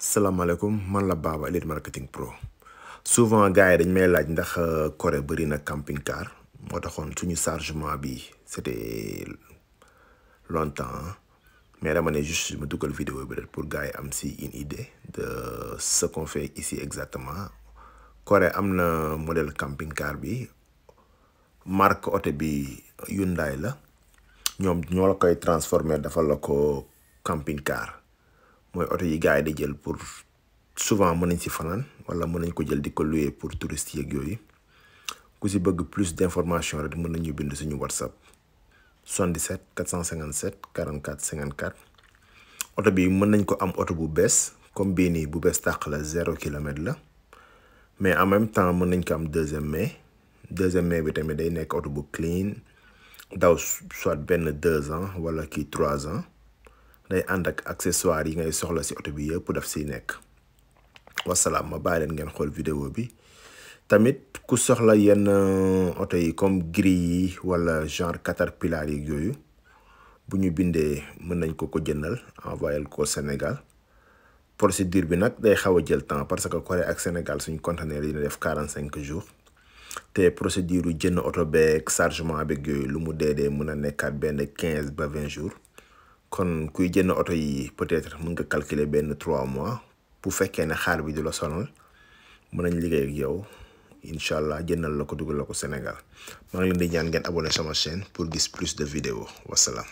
salam man la Baba Elite Marketing Pro souvent gars dañ may laaj ndax euh, camping car mo taxone suñu chargement c'était longtemps hein. mais dama juste me vidéo pour gars am si une idée de euh, ce qu'on fait ici exactement Corée amna modèle camping car bi marque auto Hyundai la ñom ñoo transformer camping car mooy oto yi gars yi jël pour souvent mën nañ si fanaan wala mën nañ ko jël di ko louer pour touristes yeeg yooyu ku si bëgg plus d'informations rek mën nañu bind suñu whatsapp 77 457 44 54 oto bi mën nañ ko am oto bu bees comme bii nii bu bees tàq la 0 km. la mais en même temps mën nañ ko am deuxième mai deuxième mai bi tamit day nekk oto bu clean daw soit benn 2 ans wala kii 3 ans day a accessoires yi ngay soxla ci auto bi daf ma vidéo bi tamit ku soxla euh, comme gris genre caterpillar yi nañ ko ko ko Sénégal procédure bi day parce que Corée Sénégal suñu conteneur yi def jours te procédure jënd chargement beeg yooyu lu mu jours kon kuy jënd auto yi peut-être mën nga calculer benn trois mois bu fekkee ne xaar bi di la sonal mën nañ liggéey ak yow incha allah jëndal la ko dugal la ko Sénégal maa ngi leen di ñaan ngeen abonné sama chaîne pour gis plus de vidéo wasalaam.